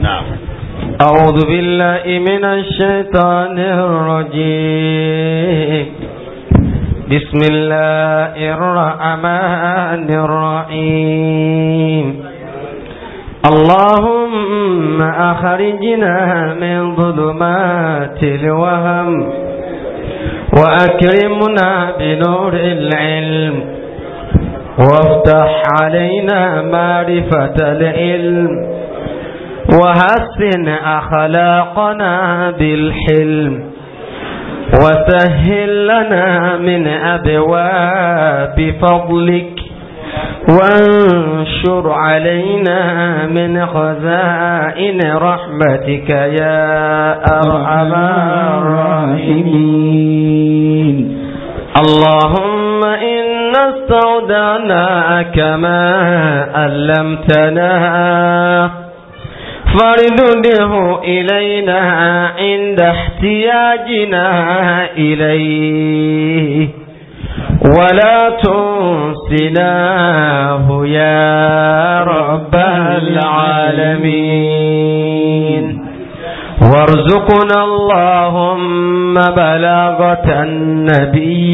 نعم أعوذ بالله من الشيطان الرجيم بسم الله الرحمن الرحيم اللهم أخرجنا من ظلمات الوهم وأكرمنا بنور العلم وافتح علينا معرفة العلم وحسن أخلاقنا بالحلم وسهل لنا من أبواب فضلك وانشر علينا من خزائن رحمتك يا أرحم الراحمين اللهم إنا استودعناك ما ألمتناه فارده إلينا عند احتياجنا إليه ولا تنسناه يا رب العالمين وارزقنا اللهم بلاغة النبي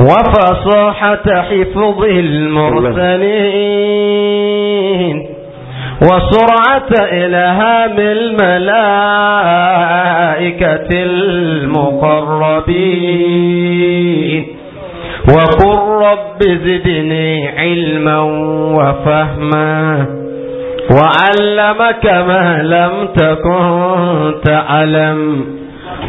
وفصاحة حفظ المرسلين وسرعة إلهام الملائكة المقربين وقل رب زدني علما وفهما وعلمك ما لم تكن تعلم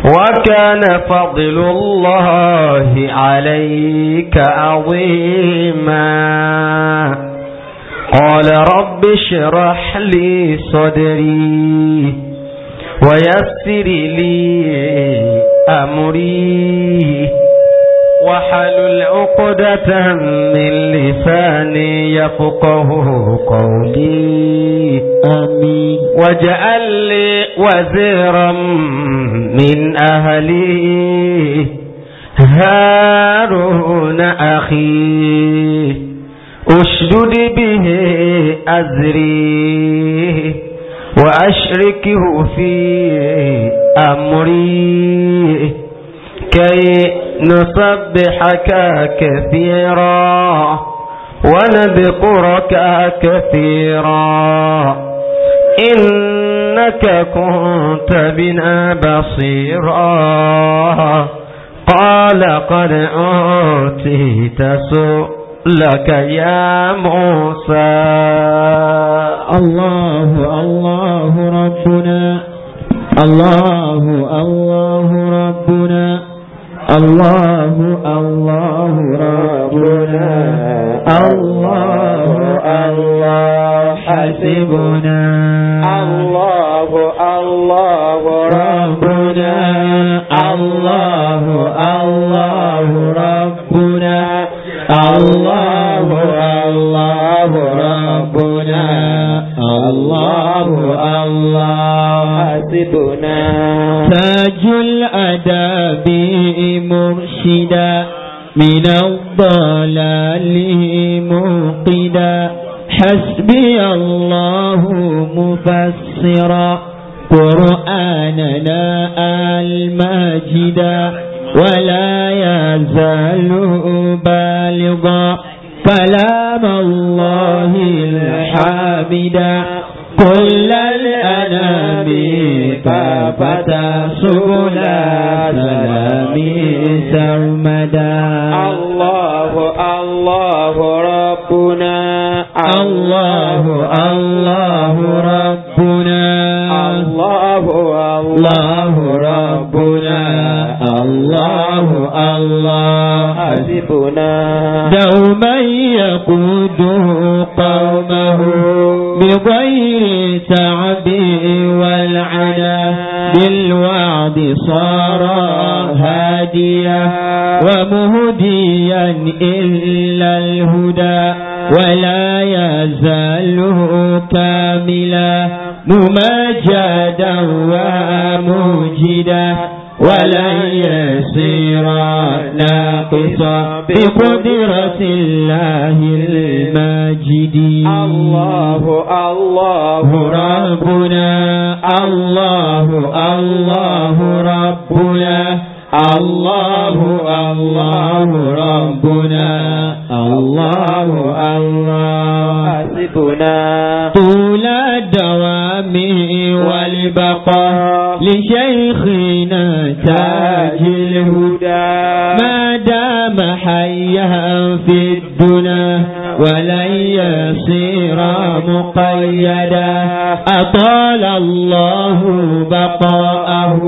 وكان فضل الله عليك عظيما قال رب اشرح لي صدري ويسر لي أمري وحلل عقدة من لساني يفقه قولي آمين واجعل لي وزيرا من أهلي هارون أخي أشدد به أزري وأشركه في أمري كي نصبحك كثيرا ونذكرك كثيرا إنك كنت بنا بصيرا قال قد أوتيت سؤالا لك يا موسى الله الله ربنا الله الله ربنا الله الله ربنا الله الله حسبنا الله الله الله الله ربنا الله الله حسبنا تاج الأداب مرشدا من الضلال موقدا حسبي الله مفسرا قرآننا الماجدا ولا يزال بالغا كلام الله الحامدا كل الأنام كافة سبل سلام سرمدا الله الله ربنا الله الله ربنا الله الله الله الله حسبنا دوما يقوده قومه بغير تعب والعنا بالوعد صار هاديا ومهديا إلا الهدى ولا يزال كاملا مماجدا ومجدا ولن يسيرا ناقصا بقدرة الله الماجد الله الله ربنا الله الله ربنا الله الله ربنا الله الله حسبنا طول الدوام والبقاء لشيخنا تاج الهدى ما دام حيا في الدنا ولن يصير مقيدا أطال الله بقاءه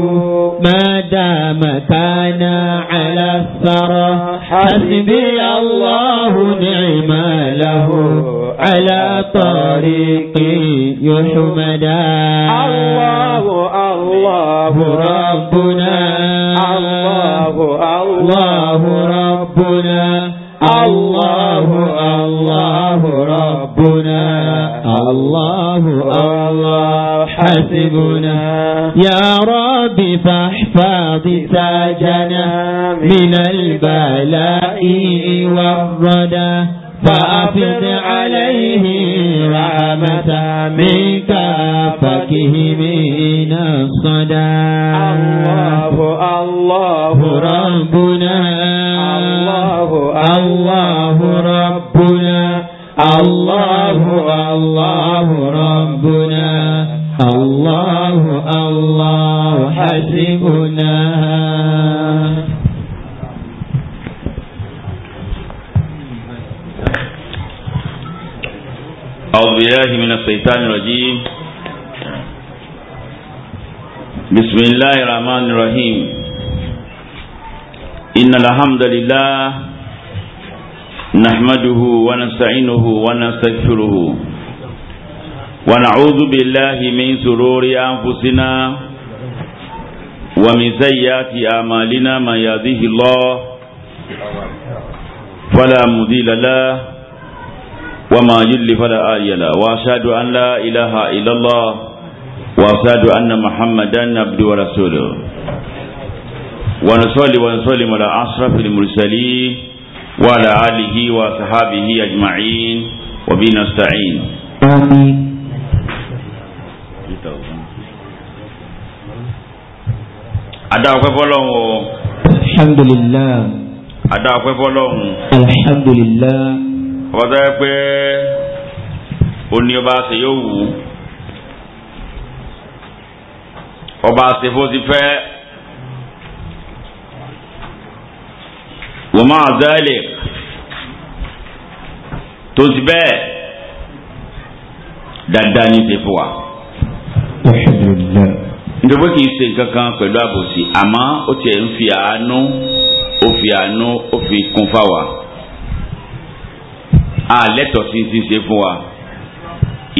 ما دام كان على الثرى حسبي الله نعم له على طريق يحمدا الله الله ربنا الله الله ربنا الله الله ربنا الله الله حسبنا يا رب فاحفظ تاجنا من البلاء والردى فأفض عليه رحمة منك فكهمين الصدى الله الله ربنا الله الله ربنا الله الله ربنا الله الله حسبنا أعوذ بالله من الشيطان الرجيم بسم الله الرحمن الرحيم إن الحمد لله نحمده ونستعينه ونستغفره ونعوذ بالله من سرور أنفسنا ومن سيئات أعمالنا من يهده الله فلا مضل له وما يضل فلا هادي له واشهد ان لا إله إلا الله واشهد أن محمدا عبده ورسوله ونصلي ونسلم على اشرف المرسلين وعلى اله وصحبه أجمعين وبه نستعين adáwọ̀pẹ́ fọlọ́hún o. alhamdulilayi. adáwọ̀pẹ́ fọlọ́hún. alhamdulilayi ọba tó yẹ pé ó ní ọba ṣe yóò wù ú ọba ṣe fó ti fẹ́ wọ́n máa zẹ́lẹ̀ tó ti bẹ́ẹ̀ dáadáa ní ṣe fún wa. nítorí kì í ṣe nǹkan kan pẹ̀lú àbòsí àmọ́ ó tiẹ̀ ń fi àánú ó fi àánú ó fi kún fáwa àlẹ́tọ̀ sí ti ṣe fún wa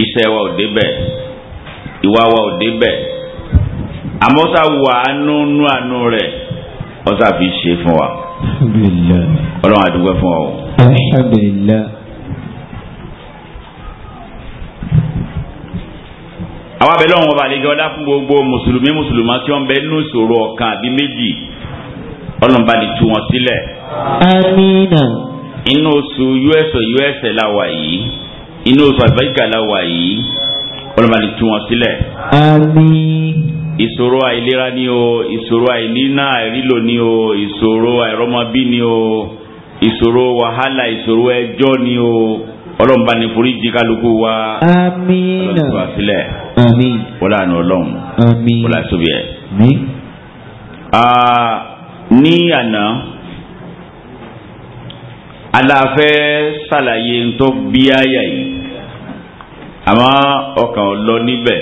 iṣẹ́ wa ò débẹ̀ ìwà wa ò débẹ̀ àmọ́ sá wà á nú nú àánú rẹ̀ ọ sá fi ṣe fún wa. ọlọ́run àdúgbò fún ọ. àwọn abẹ́lẹ́ ọ̀hún ọba àlejò ọlá fún gbogbo mùsùlùmí mùsùlùmá tí wọ́n bẹ nínú ìṣòro ọ̀kan àbí méjì ọlọ́run bá lè tú wọn sílẹ̀. amiina inú oṣù us us la wà yìí inú oṣù àlùbáríkà la wà yìí ọlọ́mọdé tú wọn sílẹ̀. àmín. ìṣòro àìlera ni o ìṣòro àìníná àìrílò ni o ìṣòro àìrọ́mọbí ni o ìṣòro wàhálà ìṣòro ẹjọ́ ni o ọlọ́mọba ní foríjì kálukú wa. àmín. ọlọ́mọdé tú wa sílẹ̀. àmín. wọ́n lànà ọlọ́run. àmín. wọ́n làṣọ bí ẹ. àmín. Ah, ní àná. aláfẹ́ ṣàlàyé tó bí àyà yìí àmọ́ ọkàn lọ níbẹ̀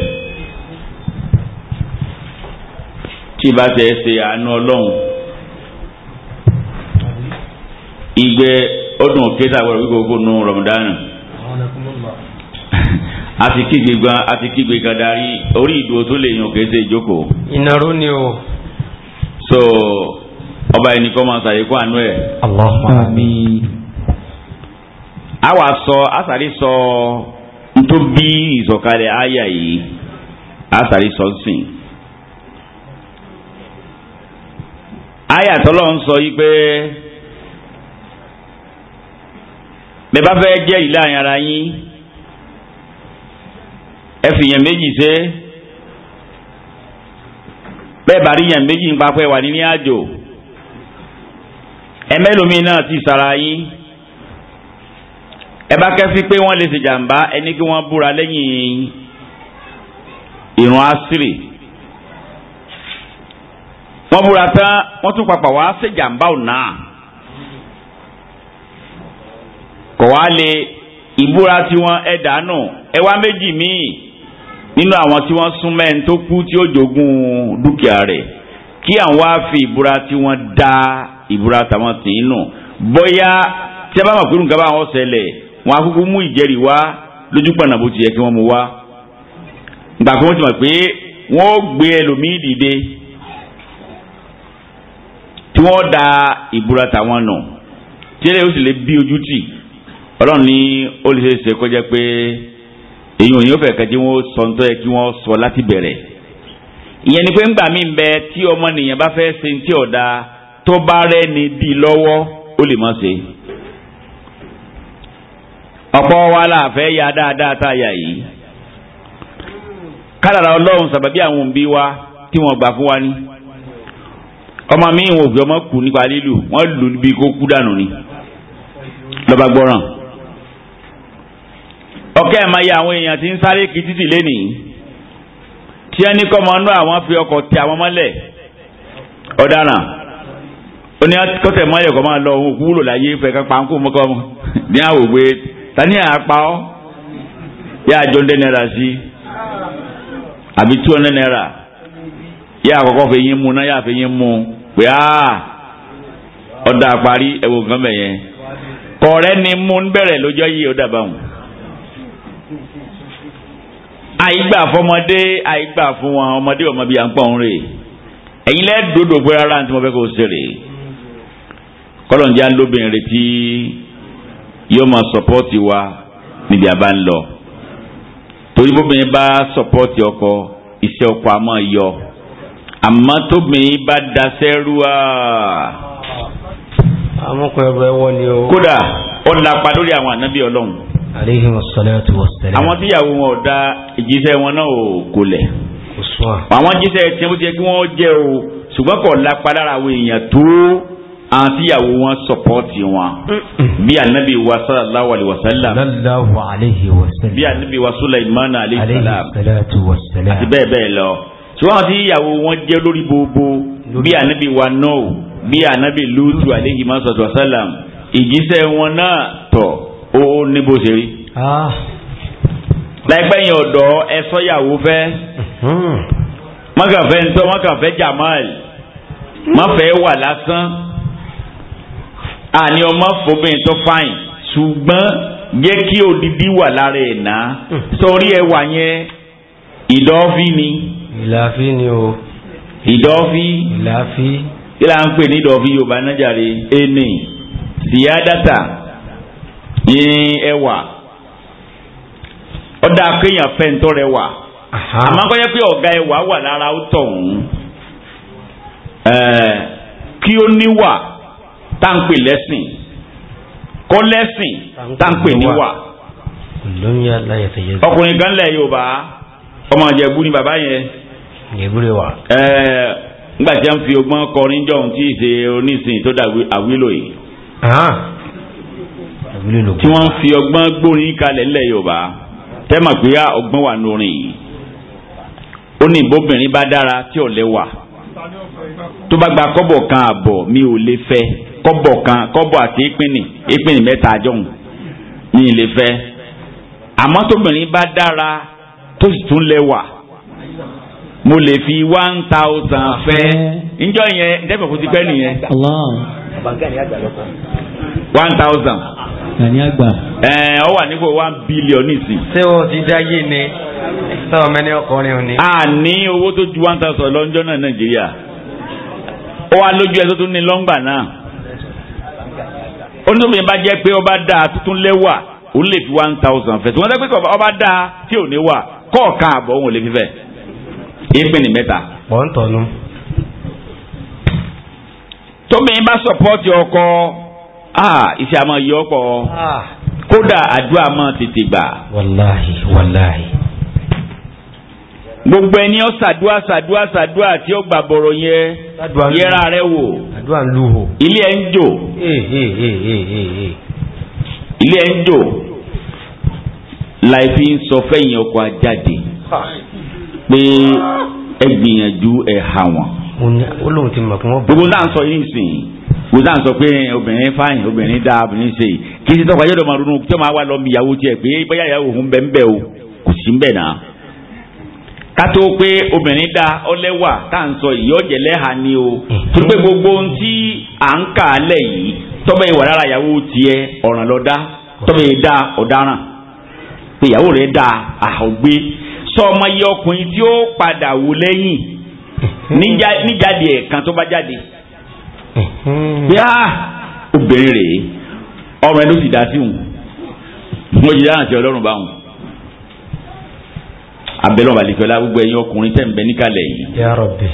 tí bá tẹ̀ ṣe àánú ọlọ́run ìgbẹ́ ọdún òkèta àgbàdo gbogbo nù rọ̀mùdánù àti kígbe gan àti kígbe gan darí orí ìdúró tó lè ni o. so ọba ẹnì máa ṣàyẹ̀kọ́ àánú ẹ̀. a wà sọ asàrí sọ ntó bí ìsọ̀kalẹ̀ àyà yìí asàrí sọ sìn. àyà tọ́lọ́ ń sọ yìí pé bẹ́ẹ̀ bá fẹ́ jẹ́ ìlà ara yín ẹ fìyàn méjì ṣe bẹ́ẹ̀ bá rí yàn méjì ń papẹ́ ti sara yín ẹ bá kẹ́sí pé wọ́n lè ṣe jàǹbá ẹni kí wọ́n búra lẹ́yìn ìrun àṣírí wọ́n búra tán wọ́n tún papà wá ṣe jàǹbá ọ̀nà kò wá lè ìbúra tiwọn ẹ dànù ẹ wá méjì míì nínú àwọn tí wọ́n sún mẹ́rin tó kú tí ó jogún dúkìá rẹ̀ kí àwọn á fi ìbúra tiwọn dá ìbúra tàwọn tì í nù bóyá tí a bá mọ̀ pé nǹkan bá wọn ṣẹlẹ̀ wọn akókó mú ìjẹ́rìí wá lójú pàànà bó ti yẹ kí wọ́n mú wá ìgbà kan wọ́n ti mọ̀ pé wọ́n gbé ẹlòmíì dìde tí wọ́n da ìbúra tàwọn nù tíyẹ́lẹ̀ ó sì lè bí ojú tì ọlọ́run ní ó lè ṣeéṣe kọjá pé èyí ò ní ó fẹ́ kẹ́jí wọ́n sọ ń tọ́ yẹ kí wọ́n sọ láti bẹ̀rẹ̀ ìyẹn ni pé ńgbà mí bẹ tí ọmọnìyàn bá fẹ́ ṣe ti ọ̀dà tó bá rẹ́ni bí lọ́wọ́ ó lè má ṣe ọ̀pọ̀ wa la fẹ́ ya dáadáa tá a yà yìí kádàrà ọlọ́run sàbàbí àwọn òbí wa tí wọ́n gbà fún wa ní ọmọ mi ìwọ̀n òbí ọmọ kù nípa lílù wọ́n lù bí kó kú dànù ni lọ́ba gbọ́ràn ọkẹ́ ẹ̀ máa ya àwọn èèyàn tí ń sáré kí títì lénìí tí ẹni kọ́ ọmọ náà àwọn fi ọkọ̀ tẹ àwọn mọ́lẹ̀ ọ̀daràn ó ní kọ́tẹ̀ mọ́lẹ̀ kọ́ máa lọ òun òkú wúlò láyé fẹ́ ká pa ń kó mọ́kọ́ ní àwògbé tani àpá ọ yà àjọ hundred naira sí àbí two hundred naira yà àkọ́kọ́ fẹ́ yín mu náà yà fẹ́ yín mu pé aa ah, ọ̀dà àparí ẹ̀wọ̀n kan bẹ̀ yẹn kọ̀ọ̀rẹ́ ni mo ń bẹ̀rẹ̀ lọ́jọ́ yìí ọ̀dà báwọn. àìgbà fọmọdé àìgbà fún wọn ọmọdé ọmọ bíi à ń pọ̀ ń rè ẹ̀yin lẹ́ẹ̀dọ́dọ̀ pé rárá tí mo fẹ́ kó o ṣe rè kọ́lọ̀ ń jẹ́ alóbìnrin tí yóò máa sọpọ́ọ̀tì wa níbi àbá ń lọ torí bóbìnrin bá sọpọ́ọ̀tì ọkọ iṣẹ́ ọkọ àmọ́ yọ àmọ́ tóbìnrin bá daṣẹ́ rú wa. àmọ́kọ̀ ẹ̀rọ ẹ̀wọ́ ni o. kódà ó lapa lórí àwọn ànábì ọlọ́run. aleyhi wa salatu wa salam. àwọn tíyàwó wọn ò da ìjíṣẹ́ wọn náà ò kolẹ̀. kò sùn à. àwọn jíṣẹ́ tiẹ̀ bó ti yẹ kí wọ́n jẹ́ o ṣùgbọ́n kò lapa lára àwọn èèyàn tó àwọn tíyàwó wọn sọpọ́ọ̀tì wọn. Mm-hmm. bí anabi wa sallallahu alayhi wa sallam. sallallahu alayhi wa sallam. bí anabi wa sulaiman alayhi salam. àti bẹ́ẹ̀ bẹ́ẹ̀ lọ. sọ́wọ́n tíyàwó wọn jẹ́ lórí gbogbo bí anabi wa nọ́ọ̀ bí anabi lutu alayhi masatu wa sallam. ìjíṣẹ́ wọn náà tọ̀ ó ní bó ṣe rí. Ah. láìpẹ́ yẹn ọ̀dọ́ ẹ sọ́yàwó fẹ́. mọ́kànfẹ́ mm-hmm. ń tọ́ mọ́kànfẹ́ jamal mọ́fẹ́ wà lásán àní ọmọ fòbìnrin tó fáyìn ṣùgbọ́n jẹ́ kí odidi wà lára ẹ̀ náà hmm. sórí ẹwà yẹn ìdọ́fí ni. ìlàfí ni o. ìdọ́fí. ìlàfí. kí la ń pè ní ìdọ́fí yorùbá náà jàre eni síyádàtà ní ẹwà ọ̀dà kéèyàn fẹ́ ń tọrẹ wà àmọ́ kọ́ jẹ́ pé ọ̀gá ẹwà wà lára ó tọ̀hún kí ó níwà táǹpè lẹ́sìn kọ́ lẹ́sìn táǹpè níwà. ọkùnrin kan lẹ̀ Yorùbá ọmọ Ìjẹ̀bú ni bàbá yẹn. Ìjẹ̀bú rẹ wà. ẹẹ nígbà tí wọ́n fi ọgbọ́n kọrin jọ̀hún tí ìṣe onísìn tó dà àwílò yìí. tí wọ́n fi ọgbọ́n gbórin kalẹ̀ lẹ̀ Yorùbá tẹ́mọ̀ pé ọgbọ́n wà lórin yìí ó ní ìbóbìnrin bá dára tí ò lẹ́wà tó bá gba kọ́bọ̀ kan àbọ̀ mi ò lè fẹ́ kọ́bọ̀ kan kọ́bọ̀ àti ìpínì ìpínì mẹ́ta àjọhùn ní ilé fẹ́ àmọ́ tóbìnrin bá dára tó sì tún lẹ́wà mo lè fi one thousand fẹ́ njọ́ yẹn dẹ́gbẹ̀ kó ti pẹ́ nìyẹn one thousand. Gani àgbà. Ẹ ọ wà nípò one billion nísìnyí. Ṣé o ti dá yé ni? Sọ̀rọ̀ mẹ́ni ọkùnrin ò ní. A ní owó tó ju one thousand lọ́jọ́ náà Nàìjíríà. Ó wá lójú ẹ tó tún ní lọ́ngbà náà oníṣòwòye bá jẹ́ pé ọba dáa tuntun lẹ́wà òun lè fi one thousand fẹ́ tí wọ́n sọ pé ọba dáa tí ò ní wà kọ̀ọ̀kan àbọ̀ òun ò lè fi fẹ́ ìpín ní mẹ́ta. wọ́n ń tọ́nu. tómìnrin bá sọ̀pọ́ọ̀tì ọkọ iṣẹ́ àmọ́ yọ ọkọ kódà àdúrà mọ́ tètè gbà. wàláhì wàláhì gbogbo ẹni ọ ṣàdúà ṣàdúà ṣàdúà tí ó gbà bọ̀rọ̀ yẹn yẹra rẹ wò ilé ẹ ń jò ilé ẹ ń jò láì fi ń sọ fẹ́yìn ọkọ̀ ajáde pé ẹ gbìyànjú ẹ hà wọ́n. olóhùn ti mọ̀ pé wọ́n. gbogbo náà ń sọ yìí nìsín gbogbo náà ń sọ pé obìnrin fáyìn obìnrin dáa obìnrin ṣe kí n ti tọ́ka yọ̀dọ̀ máa ronú tí wọ́n máa wá lọ́ọ́ mi ìyàwó tiẹ̀ pé bóyá ìyàwó òun bẹ́ẹ̀ bẹ́ẹ̀ o kò sí bẹ́ẹ̀ náà. kátó pé obìnrin dá ọlẹ́wà tá à ń sọ yìí ọ̀jẹ̀ ni o mm-hmm. tó pé gbogbo ohun tí à ń kà á lẹ̀ yìí tọ́bẹ̀ ìwà lára ìyàwó tiẹ̀ ọ̀ràn lọ dá tọ́bẹ̀ yìí dá ọ̀daràn ìyàwó rẹ̀ dá àhọ́gbé sọ ọmọ iye ọkùnrin tí ó padà wò lẹ́yìn mm-hmm. níjáde ẹ̀kan tó bá jáde yá mm-hmm. ah, obìnrin rèé ọrùn ẹ ló sì dá sí òun mo ọlọ́run abẹ́lẹ́ ọ̀bàlẹ́fẹ́lá gbogbo ẹ̀yin ọkùnrin tẹ̀ ń bẹ níkàlẹ̀ yìí. Ya Rabbi.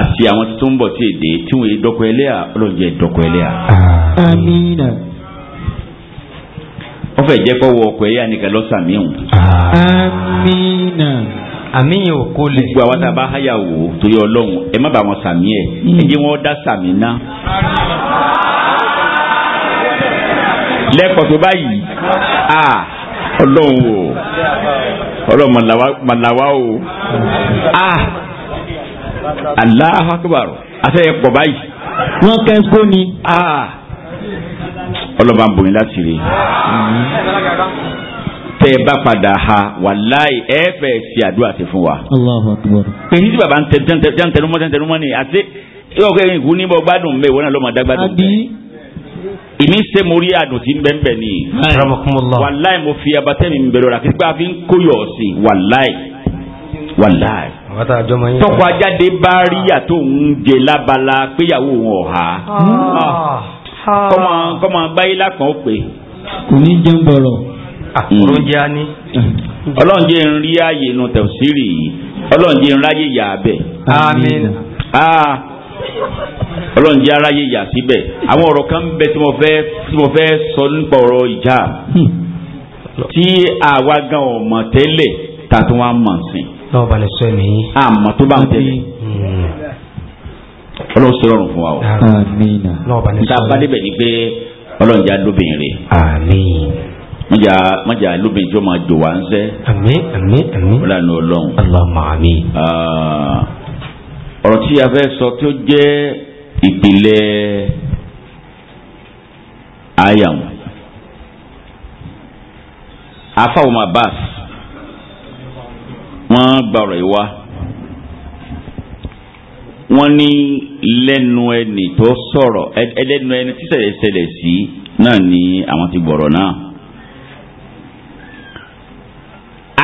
àti àwọn tó ń bọ̀ tí èdè tí wọ́n yé dọ́kọ̀ ẹlẹ́yà ọlọ́jẹ́ dọ́kọ̀ ẹlẹ́yà. Àmín. wọ́n fẹ́ jẹ́ kó wọ ọkọ̀ ẹ̀yà nìkan lọ́sàmíhùn. Àmín. àmì yẹn ò kó lẹ̀. gbogbo àwọn tàbá háyà wò torí ọlọ́run ẹ má bà wọn sàmì ẹ̀ ẹ jẹ́ wọn ọlọ́run o ọlọ́run màláwa o ah Allahu Akbar afẹ́ pọ̀ báyìí. wọ́n kẹ́ kó ni. ah ọlọ́ba ń bòyìn láti rí tẹ ẹ bá padà ha wàláì ẹ fẹ́ ṣe àdúrà sí fún wa. Allahu Akbar. èyí tí baba ń tẹnumọ́ tẹnumọ́ ni àti yóò kẹ́ ẹ̀yìn kú ní bọ́ gbádùn mẹ́wọ́n náà lọ́mọdé gbádùn ìmí se mo rí àdùn tí ń bẹ́ẹ̀ bẹ́ẹ̀ ni. wàláì mo fi abatẹ́ mi bẹ̀rẹ̀ ọ̀la kíkọ́ àfi ń kóyọ̀ sí wàláì wàláì. tọkọ ajáde bá rí àtò ń jẹ lábala péyàwó wọn ọ̀há. Ah. kọ́mọ kọ́mọ gbáyé lápọ̀n ó pè. kò ní jẹun bọ̀rọ̀. àkùrọ̀ ah, jẹ́ á ní. ń rí ààyè inú tẹ̀síìrì yìí ń ráyè yà á bẹ̀. àmín ọlọ́run jẹ́ aráyé yà síbẹ̀ àwọn ọ̀rọ̀ kan bẹ tí mo fẹ́ tí mo fẹ́ sọ nípa ọ̀rọ̀ ìjà hmm. tí àwa gan ọ̀mọ̀ tẹ́lẹ̀ tàbí wọn mọ̀ sí. lọ́wọ́ balẹ̀ sọ èmi yín. àmọ́ tó bá ń tẹ̀lé hmm. ọlọ́run sọ lọ́rùn fún wa o. amiina. lọ́wọ́ balẹ̀ sọ èmi. nta bá débẹ̀ ni pé ọlọ́run jẹ́ alóbìnrin. àmín. mọ̀jà mọ̀jà alóbìnrin tí ó máa jò wá ń sẹ́. àmín àmín àmín. ọlọ́run ọlọ́run. aláàmì. Ah tí a fẹ́ sọ tó jẹ́ ìpìlẹ̀ ayam afáwọn abbas wọ́n gbàrọ̀ ìwá wọ́n ní lẹ́nu ẹni tó sọ̀rọ̀ ẹlẹ́nu ẹni tí ṣẹlẹ̀ sí náà ni àwọn ti gbọ̀rọ̀ náà.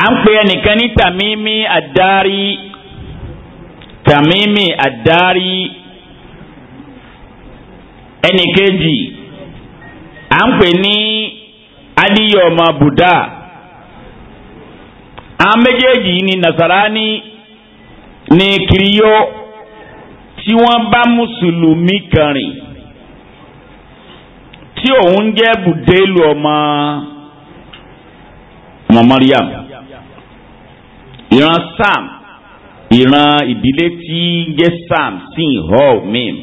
à ń pe ẹnìkan ní Tamimi Adari tàmímì àdárí ẹnì kejì à ń pè ní adíyọ ọmọ àwọn méjèèjì ni nasarani ni kiriyó tí wọ́n bá mùsùlùmí kan rìn tí òun jẹ́ bùdélù ọmọ ọmọ Mariam ìran Sam ìran ìdílé tí ń jẹ́ sam sin hall mim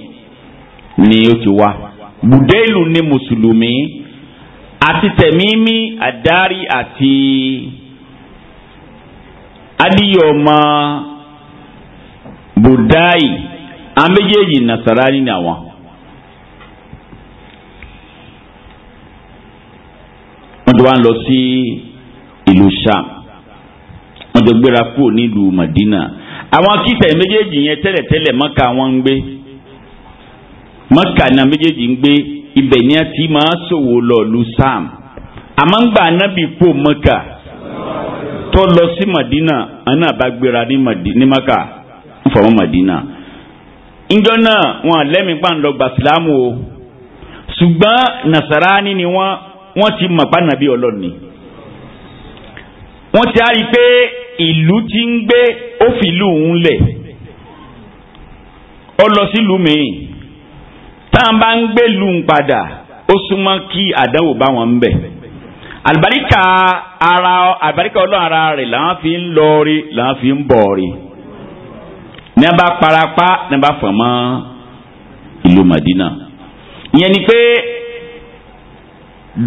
ni ó ti wá bùdẹ́lù ni mùsùlùmí àti tẹ̀mímí àdárí àti adíyọ̀mọ́ bùdáì àwọn méjèèjì nàṣàrà nínú àwọn. wọ́n ti wá ń lọ sí ìlú sham wọ́n ti gbéra kúrò nílùú madina àwọn kíta méjèèjì yẹn tẹ́lẹ̀tẹ́lẹ̀ mọ́kà wọn ń gbé mọ́kà náà méjèèjì ń gbé ibẹ̀ ni a ti máa ṣòwò lọ lu sam àmọ́ ń gbà anábì kó mọ́kà tó lọ sí madina àná bá gbéra ní mọ́kà ń fọwọ́ madina njọ́ náà wọn lẹ́mìí pàǹdọ̀ gbà sílámù o ṣùgbọ́n nasarani ni wọ́n wọ́n ti mọ̀ pa nàbí ọlọ́ni wọ́n ti á rí i pé ìlú ti ń gbé ó fi ìlú òun lẹ̀ ó lọ sílùú míì tá à bá ń gbé lù ń padà ó súnmọ́ kí àdánwò bá wọn bẹ̀ àlùbáríkà ara àlùbáríkà ọlọ́run ara rẹ̀ làwọn fi ń lọ rí làwọn fi ń bọ̀ rí ní a bá parapá ní a bá fọ̀ mọ́ ìlú Madina ìyẹn ni pé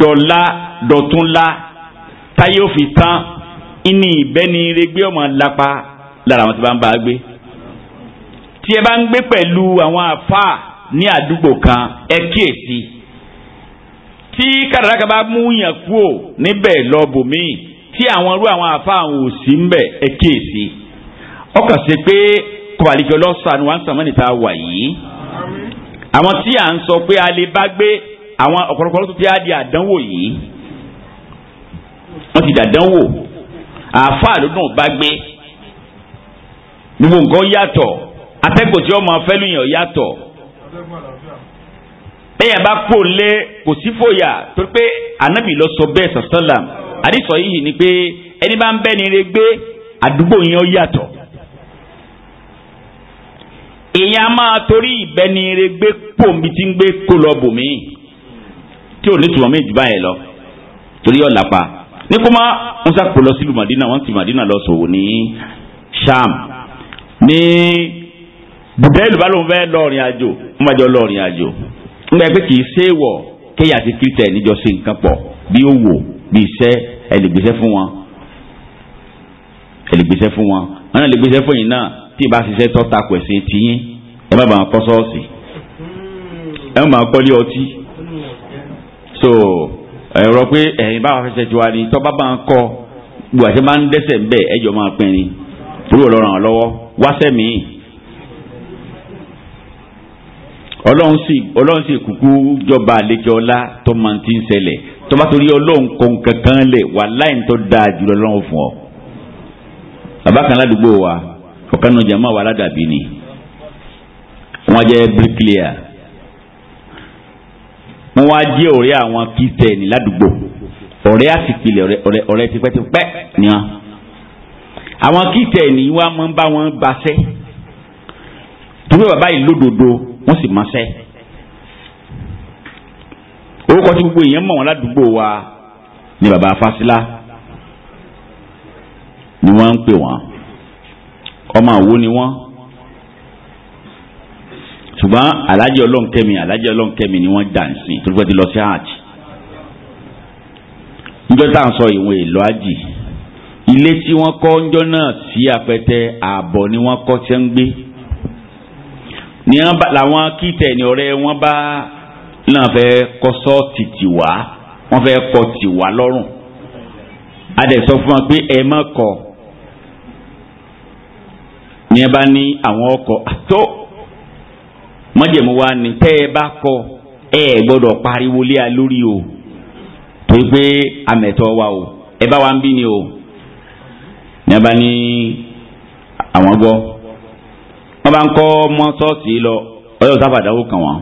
dọ̀la dọ̀túnla táyé òfin tán ìní ìbẹ́ni rẹ gbé ọmọ lápá lára àwọn tí bá ń bá a gbé tí ẹ bá ń gbé pẹ̀lú àwọn àfáà ní àdúgbò kan ẹ kíyèsí tí kàdàkà bá mú yàn kúò níbẹ̀ lọ bòmíì tí àwọn irú àwọn àfáà ò sí ń bẹ̀ ẹ kíyèsí ọkàn sí pé kọ̀bàlìkẹ́ ọlọ́sàn wà ń sàmọ́ níta wà yìí àwọn tí à ń sọ pé a lè bá gbé àwọn ọ̀pọ̀lọpọ̀ tó ti di àdánwò yìí wọ́n ti dàdánwò àáfàá ló dùn bá gbé gbogbo nǹkan yàtọ̀ atẹ́kùn tí wọ́n máa fẹ́ lùyàn yàtọ̀ bẹ́ẹ̀ bá kó lé kò sí fòyà torí pé anabi lọ sọ bẹ́ẹ̀ sàṣàlám àdìsọ yìí ni pé ẹni bá ń bẹ́ ni re gbé àdúgbò yẹn yàtọ̀ èèyàn máa torí ìbẹ́niire gbé pòǹbì tí ń gbé kó lọ bòmí tí ò ní tùmọ̀ mí jù báyẹn lọ torí ọ̀la pa ní kó má wọ́n sá lọ sílùú Madina wọ́n ti Madina lọ sòwò ní Sham ní bùdẹ́ẹ̀lì bá lóun fẹ́ lọ́ọ̀rìn àjò wọ́n máa jọ lọ́ọ̀rìn àjò nígbà pé kì í ṣe é wọ̀ kéyà àti kírísítẹ̀ níjọ ṣe nǹkan pọ̀ bí ó wò bí iṣẹ́ ẹ lè gbéṣẹ́ fún wọn ẹ lè gbéṣẹ́ fún wọn wọn náà lè gbéṣẹ́ fún yìí náà tí ìbá ṣiṣẹ́ tọ́ takò ẹ̀sìn tiyín ẹ má bàa kọ́ sọ́ọ̀sì ẹ má bàa kọ́lé ọtí so ẹ̀rọ pé ẹ̀yin bá wà fẹsẹ̀ tiwa ni tọ́ bá bá ń kọ́ gbogbo àti máa ń dẹ́sẹ̀ ń bẹ̀ ẹ̀jọ̀ máa pinrin kúrò lọ́rùn àwọn lọ́wọ́ wáṣẹ́ mi. ọlọ́run sì ọlọ́run sì kúkú jọba àlejò ọlá tó máa ti ń ṣẹlẹ̀ tó bá torí ọlọ́run kọ nǹkan kan lẹ̀ wà láì tó dáa jùlọ lọ́rùn fún ọ. bàbá kan ládùúgbò wa ọ̀kan nù jàmá wa aládàbí ni wọ́n jẹ́ bricklayer wọ́n wá jẹ́ ọ̀rẹ́ àwọn kìtẹ́ẹ̀nì ládùúgbò ọ̀rẹ́ àsìkìlẹ̀ ọ̀rẹ́ tipẹ́tipẹ́ ni wọ́n àwọn kíìtẹ̀ ní wọ́n máa ń bá wọn gbaṣẹ́ torí bàbá yìí lódodo wọ́n sì mọṣẹ́ orúkọ tí gbogbo èèyàn mọ̀ wọn ládùúgbò wa ni bàbá Fásilá ni wọ́n ń pè wọ́n ọmọ àwo ni wọ́n ṣùgbọ́n alájẹ ọlọ́nkẹ́mi alájẹ ọlọ́nkẹ́mi ni wọ́n dà ń sìn torí pé ti lọ sí hajj níjọ́ tá à ń sọ ìwọ̀n èlò hajj ilé tí wọ́n kọ́ ńjọ́ náà sí apẹtẹ ààbọ̀ ni wọ́n kọ́ tí ń gbé ní làwọn kìtẹ̀ ní ọ̀rẹ́ wọn bá náà fẹ́ kọ́ sọ́ọ̀tì tiwa wọ́n fẹ́ kọ́ tiwa lọ́rùn a dẹ̀ sọ fún wa pé ẹ má kọ́ ní ẹ bá ní àwọn ọkọ̀ àtọ́ mọ́jẹ̀mú wa ní tẹ́ ẹ bá kọ́ ẹ gbọ́dọ̀ pariwo lé a lórí o torí pé àmẹ̀tọ́ wa o ẹ bá wa ń bí ni o ní abá ní àwọn gbọ́ wọ́n bá ń kọ́ mọ́ sọ́ọ̀sì lọ ọlọ́run sáfà àdáwò kan wọn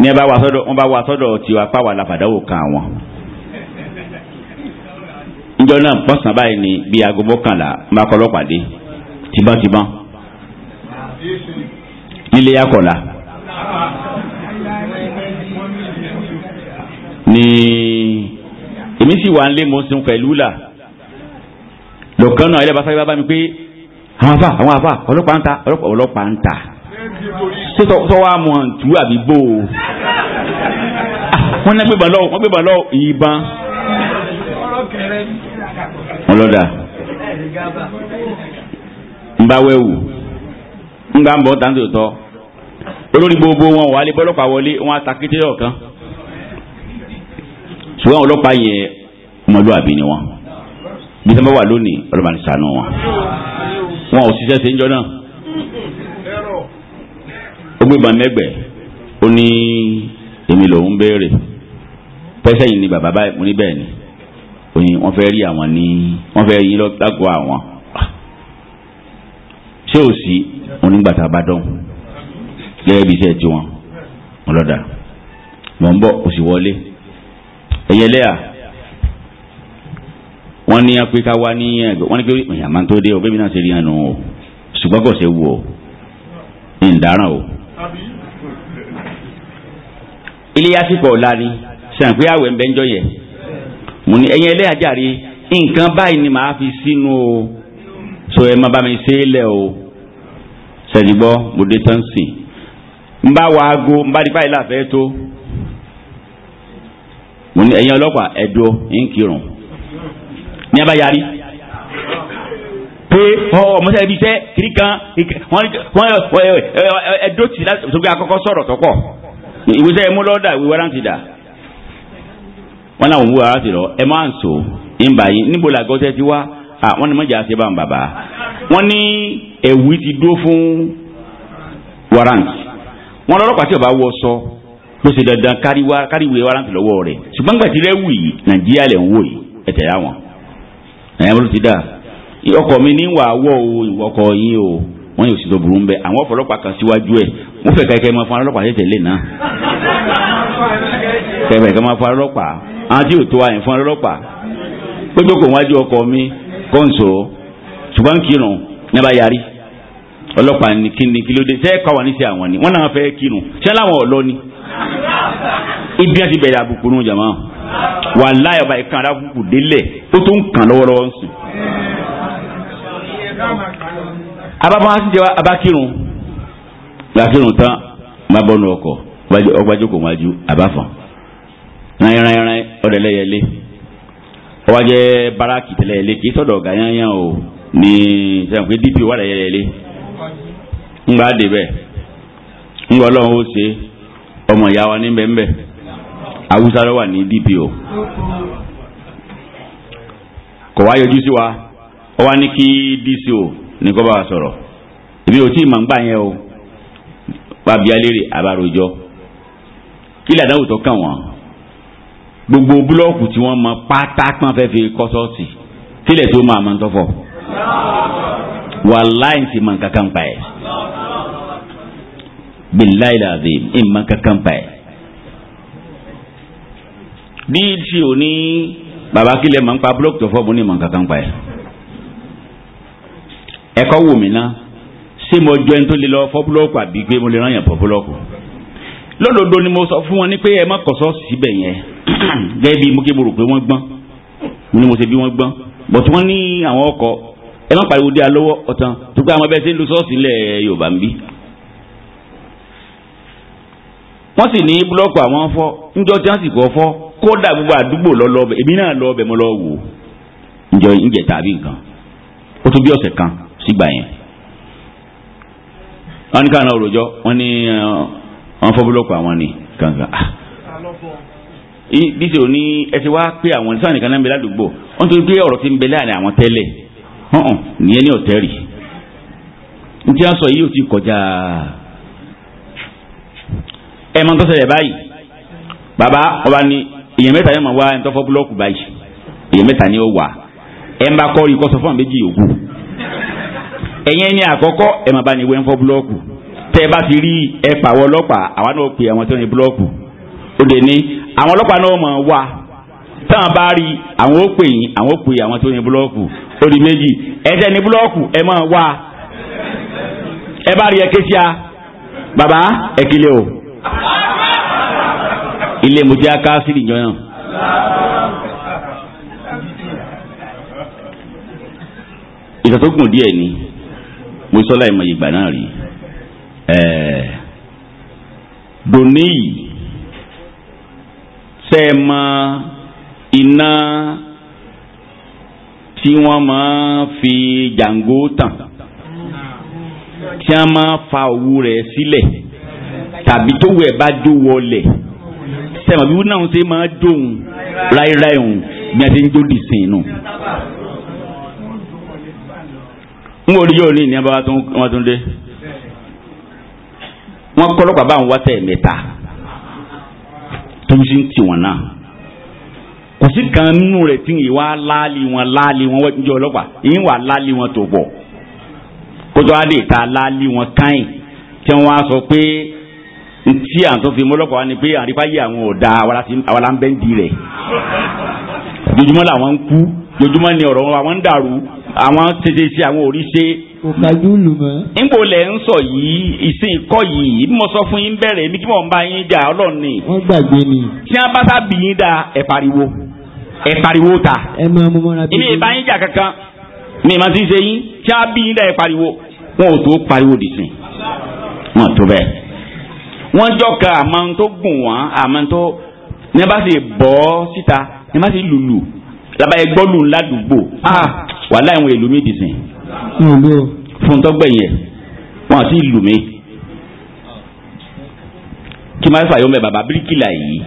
ní abá wa sọ́dọ̀ wọ́n bá wa sọ́dọ̀ tiwa pàwọ́ àlàfàdáwò kan wọn. níjọ́ náà pọ̀sán báyìí ni bíi aago mọ́kànlá máa kọ́ ọlọ́pàá dé tibọ́ntibọ́n nílé akọ̀là ni èmi sì wà ń lé mọ́sùn pẹ̀lú là lọ́kàn náà ilé bàtà bá bá mi pé àwọn afa àwọn afa ọlọ́pàá ń ta ọlọ́pàá ń ta sọ wa mọ̀ tù àbí bò ó ah, wọ́n ní gbẹ̀bọ̀n lọ́wọ́ wọ́n gbẹ̀bọ̀n lọ́wọ́ ìbọn ọlọ́dà nbawẹ́wù nga ń bọ̀ tàǹtì tọ́ olórí gbogbo wọn wà lé bọ́lọ́pàá wọlé wọn atakété ọ̀kan ṣùgbọ́n ọlọ́pàá yẹ ọmọlúwàbí ni wọn bí sọ́n bá wà lónìí ọlọ́mọ ní sànú wọn. wọn ò ṣiṣẹ́ ṣe ń jọ náà. ó gbé ìbọn mẹ́gbẹ̀ẹ́ ó ní èmi lòún béèrè pẹ́sẹ́ yìí ni bàbá báyìí mo ní bẹ́ẹ̀ ni òyìn wọ́n fẹ́ rí àwọn ní wọ́n fẹ́ yín lágọ̀ọ́ àwọn. Ah. ṣé ò sí onígbàtà bá dán gẹ́gẹ́ bí iṣẹ́ tiwọn ọlọ́dà mọ̀ ń bọ̀ kò sì wọlé ẹ̀yẹ lẹ́yà wọ́n ní apẹ́ká wá ní ẹ̀gbẹ́ wọ́n ní pé ìyàmá tó dé o bẹ́ẹ̀ mi náà ṣe rí ẹnu o ṣùgbọ́n kò ṣe wù o ìǹdaràn o. ilé yásìkò ọ̀la ni sàn pé àwẹ̀ ń bẹ́ ń jọ yẹ mo ní ẹ̀yin ẹlẹ́yàjáre nǹkan báyìí ni màá fi sínú o so ẹ má bá mi ṣe é lẹ̀ o sẹ́dìgbọ́ mo dé tán sìn n bá wa aago n bá di báyìí láfẹ́ tó mo ní ẹ̀yin ọlọ́pàá ẹ̀dọ́ ń kírun ní abá yarí pé ọmọọmọsẹ ibi iṣẹ́ kiri kan wọn ẹdó tì láti sọgbẹ àkọ́kọ́ sọ̀rọ̀ tọpọ ìwéṣẹ mú lọdà ìwé wárántì dà wọn làwọn òwú wárántì lọ ẹ máa ń sọ ìmbà yìí níbo làgọ́sẹ̀ ti wá wọn ni mọ̀jà ṣe bá ń bàbá wọn ní ẹ̀wù ti dúró fún wárántì wọn lọ́lọ́pàá tí ò bá wọ sọ ló ṣe dandan káríwé wárántì lọ́wọ́ rẹ̀ ṣùgbọ́n gbàtí rẹ̀ wù yìí nàìjíríà lẹ̀ ń wò yìí ẹ̀tẹ̀ yà wọn. ẹ̀yìn bó ti ọkọ̀ mi ní wàá o ọkọ̀ yín o wọ́n yóò sì tó burú ń bẹ àwọn ọ̀pọ̀lọpàá kan síwájú ẹ̀ wọ́n fẹ́ kẹ́kẹ́ máa fún ọlọ́pàá tètè lè ná kẹ́kẹ́ fọn máa fún ọlọ́pàá àwọn tí yóò tó àyìn fún ọlọ́pàá wájú mi ń ṣùgbọ́n kírun ní bá kí ló dé kọ́ àwọn ni wọ́n náà fẹ́ ni ibi bẹ̀rẹ̀ àbùkù jàmáà wàláhì ọba ìkan arákùnkùn délẹ̀ ó tó ń kàn lọ́wọ́lọ́wọ́ ń sùn. abáfáà sì jẹ́ abákírun abákírun tán bá bọ́nu ọkọ̀ ọgbàjókòó wájú abáfọ̀n rányẹrányẹrán ọ̀dẹ̀lẹ́yẹlé ọwọ́ jẹ́ báràkì tẹ́lẹ̀yẹlé kì í sọ̀dọ̀ ọ̀gá o ní sẹ́wọ̀n pé dp wà ọlọ́run ó ṣe ọmọ ìyá wa awúsá ló wà ní dpo kò wá yọjú sí wa ó wá ní kí dco ní kó bá wa sọ̀rọ̀ èmi ò tí ì mọ̀ ń gbà yẹn o bàbí alérè àbárojọ kí làdá òótọ́ kàn wọ́n gbogbo búlọ́ọ̀kù tí wọ́n mọ pátá fẹ́ fi kọ́ sọ́ọ̀tì kílẹ̀ tó máa mọ̀ ń tọ́fọ̀ wàláì sì mọ̀ nǹkan kan pa ẹ̀ bíláì làdé ìmọ̀ nǹkan kan pa ẹ̀ bí ti ò ní bàbá kílẹ̀ máa ń pa búlọ́ọ̀kì tó fọ́ mo ní ìmọ̀ kankan pa ẹ̀. ẹ̀kọ́ wò mí ná ṣé mo jọ ẹni tó lè lọ fọ́ búlọ́ọ̀kì àbí pé mo lè rán fọ́ búlọ́ọ̀kì. lódodo ni mo sọ fún wọn ní pé ẹ má kọ̀sọ́ síbẹ̀ yẹn gẹ́gẹ́ bí mo ké mo rò pé wọ́n gbọ́n mo ní mo ṣe bí wọ́n gbọ́n bọ̀t wọ́n ní àwọn ọkọ̀ ẹ má pariwo dé alówó ọ̀tàn tó gbé àwọn ẹbẹ́ sí ń lu sọ́ọ̀sì ilẹ̀ Yorùbá ń bí wọ́n sì ní búlọ́ọ̀kì àwọn fọ́ níjọ́ tí wọ́n sì kọ́ fọ́ kódà gbogbo àdúgbò lọ́lọ́ èmi náà lọ bẹ̀ njọ njẹ tàbí nǹkan ó tún bí ọ̀sẹ̀ kan sígbà yẹn. wọ́n ní káwọn òròjọ́ wọ́n ní wọ́n àwọn ni kankan. ah ní ẹsẹ̀ wá pé àwọn sáà nìkan náà ń bẹ ládùúgbò ti ń bẹ láàrin àwọn hàn nìyẹn ní n tí sọ yìí ò èèyàn mẹ́ta yóò máa wá ẹni tó fọ́ búlọ́ọ̀kù báyìí èèyàn mẹ́ta ni ó wà ẹ ń bá kọ́ rí kọ́sọ́ fún àméjì yòókù ẹ̀yìn ẹni àkọ́kọ́ ẹ máa bá ní wẹ́n fọ́ búlọ́ọ̀kù tẹ́ ẹ bá ti rí ẹ pàwọ́ ọlọ́pàá àwa náà pè àwọn tó ní búlọ́ọ̀kù ó lè ní àwọn ọlọ́pàá náà máa wà táwọn bá rí àwọn ó pè yín àwọn ó pè àwọn tó ní búlọ́ọ̀kù ó di méjì ẹsẹ̀ ẹ ilé mo jẹ́ akásìrì yan náà. ìtàtógùn díẹ̀ ni mo sọ́lá ìmọ̀ ìgbà náà rí dòní yìí iná tí wọ́n máa fi jàǹgó tàn tí wọ́n máa fa òwú rẹ̀ sílẹ̀ tàbí tó wẹ̀ bá jó wọlẹ̀ sẹ́wọ̀n bí wọ́n náà ṣe máa dóhùn ráíráí òun bí wọ́n ṣe ń jó dìsìn nù. n wo yóò ní ìyẹn bá wọn tún dé wọn kọlọpàá bá ń wá tẹ̀ mẹ́ta tóbi sí ń tì wọ́n náà kò sí kan nínú rẹ̀ tí ìwà láàlì wọn láàlì wọn wọ́n jẹ́ ọlọ́pàá ìyẹn wà láàlì wọn tó bọ̀ kótó á lè ta láàlì wọn káyìn tí wọ́n á sọ pé ntí à ń tó fi mọ́lọ́kọ̀ wa ni pé àríwá àwọn ò da àwa la ń bẹ́ ń di rẹ̀ jojúmọ́ làwọn ń kú jojúmọ́ ni ọ̀rọ̀ wọn àwọn ń dàrú àwọn tètè sí àwọn ò rí ṣe. lù mọ́. nbọ lẹ ń sọ yìí ìsìn kọ yìí bí mo sọ fún yín bẹ̀rẹ̀ mi kí mo bá yín jà ọlọ́run ni. wọ́n gbàgbé ni. tí wọ́n bá sábì yín da ẹ̀ pariwo ẹ̀ pariwo ta. ẹ máa mú mọ́ra tó. èmi ìbá yín jà kankan mi ìmọ̀ tí ń ṣe yín tí wọ́n bí yín da ẹ̀ pariwo wọn ò tó pariwo dìsìn wọn tó bẹ́ẹ̀ wọ́n jọ̀ka àmọ́ tó gùn wọ́n àmọ́ tó ní bá sì bọ́ síta ní bá sì lùlù làbá yẹ gbọ́ lùlù ládùúgbò ah wàhálà ìwọ̀n èlò mi dìsìn. fún tọ́gbẹ̀ yẹn wọ́n àti ìlú mi. kí máa fàyọ́ mẹ́ bàbá bíríkìlà yìí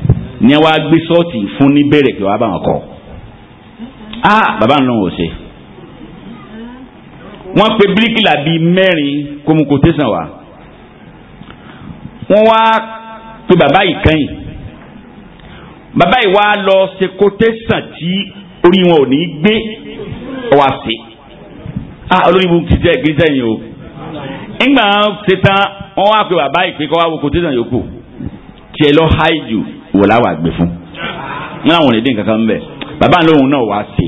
ni wàá gbé sọ́ọ̀tì fún ní bẹ̀rẹ̀ kí wàá bá wọn kọ́ ah bàbá ń lọ wọ̀ ṣe. wọ́n pe bíríkìlà bíi mẹ́rin kómukó tẹ̀sán wa wọ́n wá pe bàbá yìí kẹ́yìn bàbá yìí wá lọ ṣe kótẹ́sàn tí orí wọn ò ní gbé wá sí ah olórí ibu ti jẹ́ ìgbésẹ̀ yìí o ńgbà ṣe tán wọ́n wá pe bàbá yìí pé kọ́ wá wo kótẹ́sàn yòókù tiẹ̀ lọ háì jù wò láwà gbé fún wọn àwọn ò ní dín kankan bẹ́ẹ̀ bàbá lóhùn náà wá sí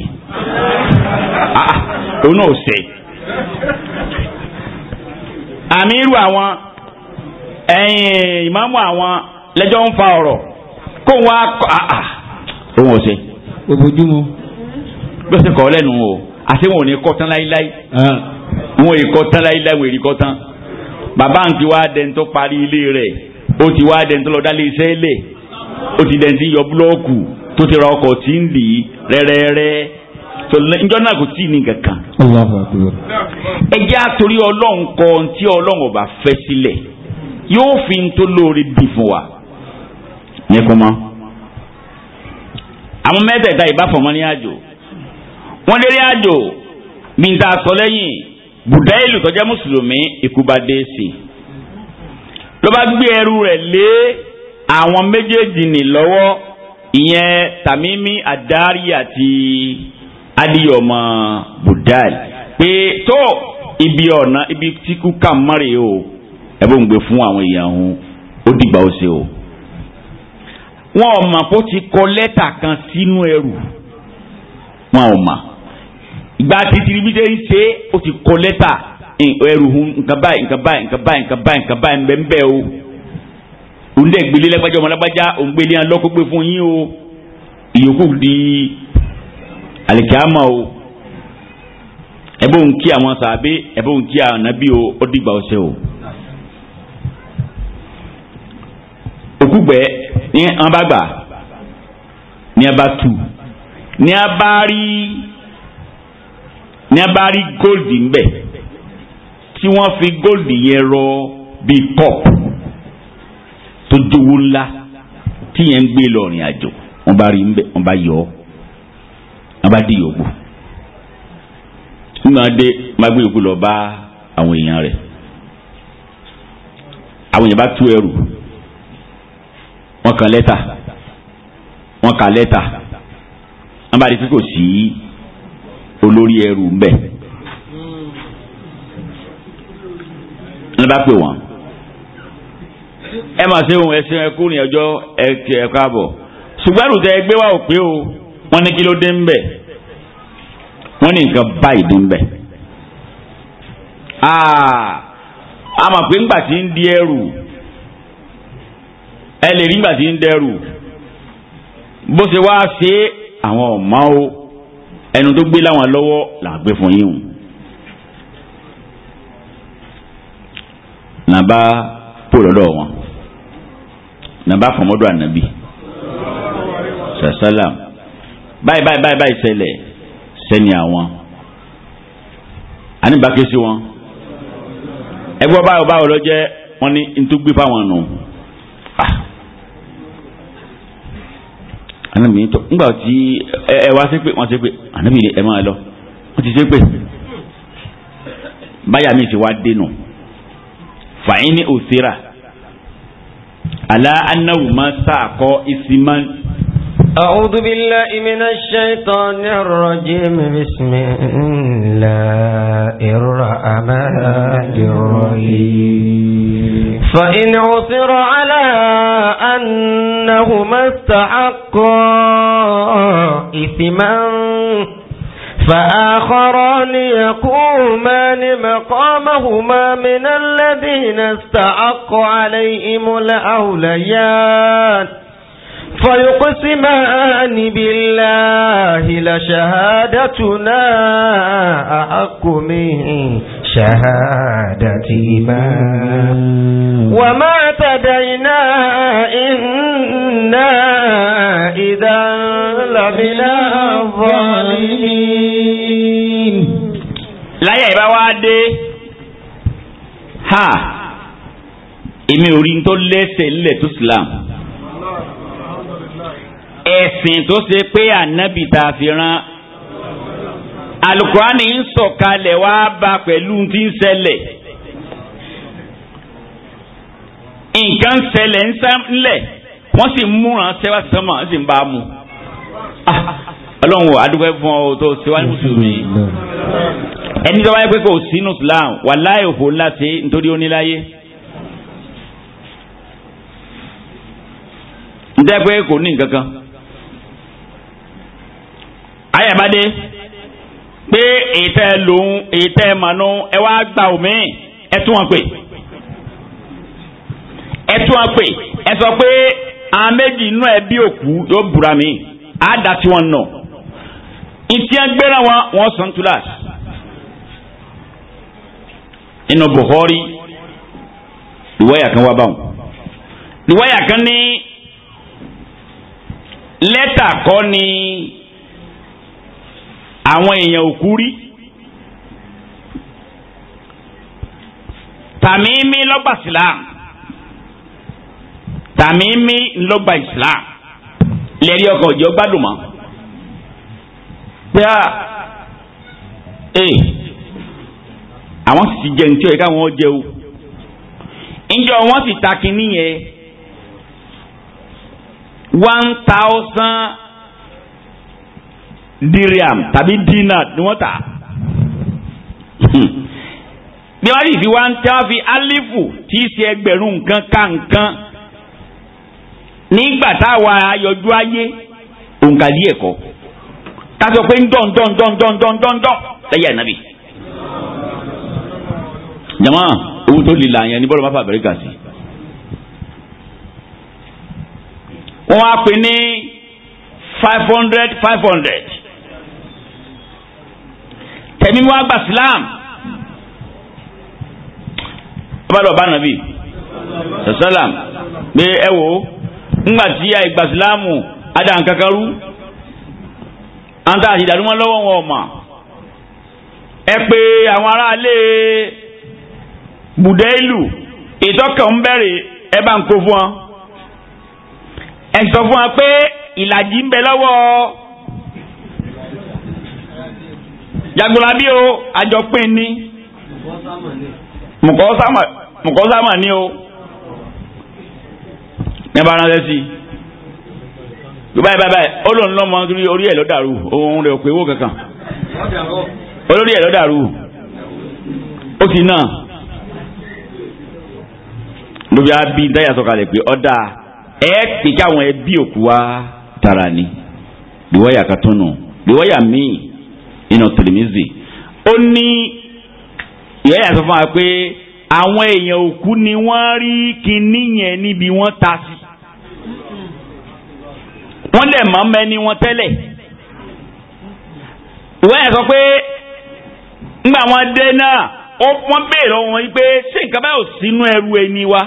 ah, ah òun náà ò sẹ́yìn àmì irú àwọn ẹ̀yìn ìmáàmù àwọn lẹ́jọ́ ń fa ọ̀rọ̀ kó ń wá àà òun ò ṣe. òbójúmu. bí ó ṣe kọ́ lẹ́nu o àti wọn ò ní kọ́ tán láíláí wọn ò kọ́ tán láíláí wọn ò ní kọ́ tán bàbá ń ti wá dẹni tó parí ilé rẹ̀ ó ti wá dẹni tó lọ dálé iṣẹ́ lẹ̀ ó ti dẹni tí yọ búlọ́ọ̀kù tó ti ra ọkọ̀ tí ń lì rẹ́rẹ́rẹ́ njọ́ náà kò tí ì ní kankan. ẹ jẹ́ àtòrí ọlọ́run kọ́ ohun tí ọlọ́run ọba fẹ́ sílẹ̀ yóò fi ń tó lóore dì fún wa ní kò mọ́. àwọn mẹ́tẹ̀ẹ̀ta ìbáfọ̀ mọ́ ní àjò wọ́n lérí àjò bíńtà sọ lẹ́yìn bùdáìlù tó jẹ́ mùsùlùmí ìkúbadé sí ló bá gbé ẹrú rẹ̀ lé àwọn méjèèjì nì lọ́wọ́ ìyẹn tàmímí àdárí àti adíyọmọ bùdáìlù pé tó ibi ọ̀nà ibi tí kú kà mọ́rè o ẹ bó ń gbé fún àwọn èèyàn ọ̀hún ó dìgbà ó ṣe o. wọn ò mà kó ti kọ lẹ́tà kan sínú ẹrù wọn ò mà ìgbà títí bí ṣe ń ṣe ó ti kọ lẹ́tà ẹrù nǹkan báyìí nǹkan báyìí nǹkan báyìí nǹkan báyìí nǹkan báyìí nbẹ nbẹ o òun dẹ̀ gbélé lágbájá ọmọ lágbájá òun gbélé yẹn lọ́kọ́ gbé fún yín o ìyókù di àlìkàmà o ẹ bóun kí àwọn sàbẹ ẹ bóun kí àwọn nàbí o ó dìgbà ọ̀sẹ̀ o. gbẹ̀gbẹ̀kúgbẹ̀ ní wọn bá gbà ní a bá tu ní a bá rí ní a bá rí góòlì ńbẹ̀ tí wọ́n fi góòlì yẹn rọ bíi kọ́ọ̀pù tó jowó ńlá tí yẹn ń gbé lọ rìn àjò wọ́n bá rí ńbẹ̀ wọ́n bá yọ ọ́ wọ́n bá dì yòókù nígbà dé má gbé yòókù lọ bá àwọn èèyàn rẹ̀ àwọn èèyàn bá tú ẹrù wọ́n kan lẹ́tà wọ́n ka lẹ́tà wọ́n bá rí pé kò sí olórí ẹrù ńbẹ̀ wọ́n bá pè wọ́n ẹ máa ṣe ohun ẹsẹ ẹkú ní ọjọ́ ẹ káàbọ̀ ṣùgbọ́n àrùtẹ ẹgbẹ́ wa ò pé o wọ́n ní kí ló dé ńbẹ̀ wọ́n ní nǹkan báyìí dé ńbẹ̀ a mọ̀ pé ńgbà tí ń di ẹrù ẹ lè rí gbàtí ń dẹrù bó ṣe wá ṣe àwọn ọ̀mọ́ o ẹnu tó gbé láwọn lọ́wọ́ là ń gbé fún yín o. nàbá pò lọ́dọ̀ wọn nàbá fọmọdọ̀ ànábì sàsálàm báyìí báyìí báyìí báyìí ṣẹlẹ̀ sẹ́ni àwọn àníbàkẹ́sí wọn ẹgbọ́n báwo báwo lọ jẹ́ wọn ní ntúgbí fáwọn nù. No anabi ní tọ ńgbà tí ẹ wá ṣépè wọn ṣépè anabi ní ẹ máa lọ wọn ti ṣépè báyà mi ti wá dénú fàyín ní òsèrà alá anáwó máa sàkọ ìsìmá أعوذ بالله من الشيطان الرجيم بسم الله الرحمن الرحيم فإن عثر على أنهما استحقا إثما فآخران يقومان مقامهما من الذين استحق عليهم الأوليان فيقسمان بالله لشهادتنا أحق من شهادتهما وما اعتدينا إنا إذا لمن الظالمين láyé ìbá wá dé ha èmi ò rí n tó ẹ̀sìn tó ṣe pé ànábì tá a fi rán alukurani ń sọ̀kalẹ̀ wá bá pẹ̀lú tí ń ṣẹlẹ̀ nǹkan ṣẹlẹ̀ ń sẹ́lẹ̀ wọ́n sì múra sẹ́wà sẹ́mà wọ́n sì ń bá a mú ah, ọlọ́run adúgbò fún ọ tó ṣe mùsùlùmí ẹni tó wáyé pé kò sínú Islam wàláhì òfò ńlá nítorí ó ní láyé. pé kò ní nǹkan kan bá dé pé ètẹ́ lòun ètẹ́ mànú ẹ wá gba òmí ẹ tún wọn pè ẹ tún wọn pè ẹ sọ pé àwọn méjì inú ẹ bí òkú yóò bùra mi á dà tí wọn nà ìtí agbẹ́rẹ́ wọn wọn sàn túláàsì nínú Bukhari ìwáyà kan wá báwọn ìwáyà kan ní lẹ́tà kọ́ ni àwọn èèyàn òkú rí Tàmímí lọ́gbà Islam Tàmímí lọ́gbà Islam lẹ́rí ọkọ̀ òjò gbádùn mọ́ pé à ee àwọn sì ti jẹ ní tí káwọn jẹ o ǹjọ́ wọ́n sì ta kínní yẹn one thousand diriam tàbí dinar ni wọ́n tà hmm. bí wọ́n sì fi wá ń tẹ́ wọ́n fi alifu tí í ṣe ẹgbẹ̀rún nǹkan ká nǹkan nígbà táwa ayọ̀jú ayé òǹkà díẹ̀ kọ́ ká sọ pé ń dọ̀n dọ̀n dọ̀n dọ̀n dọ̀n dọ̀n dọ̀n lẹ́yìn ànábì. jama owó tó lè là yẹn ní bọ́lá máa fà bẹ̀rẹ̀ gà sí. wọ́n á pè ní five hundred five hundred tẹ̀mí wá gbà sílám abádọ̀ bá nàbì sàlám pé ẹ wò ó ńgbà a àìgbà sílámù adà nkankanrú àǹtà àti ìdàlúmọ́ lọ́wọ́ wọn ọ̀mà ẹ pé àwọn aráalé bùdẹ́ìlù ìtọ́kàn ń bẹ̀rẹ̀ ẹ bá ń kó fún wọn ẹ sọ fún wọn pé ìlàjì ń bẹ lọ́wọ́ Jagunlabi o àjọpín ni mùkọ́sámà ni o ní bá ránṣẹ́ sí báyìí báyìí báyìí ó lòun lọ́mọ orí ẹ̀ ló dàrú òun rẹ̀ ò pé owó kankan olórí ẹ̀ ló dàrú ó sì náà lóbi á bí dáyà sọ̀kalẹ̀ pé ọ̀dà ẹ̀ pé káwọn ẹbí òkú wa tara ni ìwọ́yà kan tó nù ìwọ́yà míì inú tìrìmìzì ó ní ìyá yà sọ fún wa pé àwọn èèyàn òkú ni wọ́n rí kinní yẹn níbi wọ́n ta sí wọ́n lè mọ́ mẹ́ni wọn tẹ́lẹ̀ ìwé yẹn sọ pé ńgbà wọn dé náà wọ́n béèrè wọn pé ṣé nǹkan báyìí sínú ẹrú ẹni wa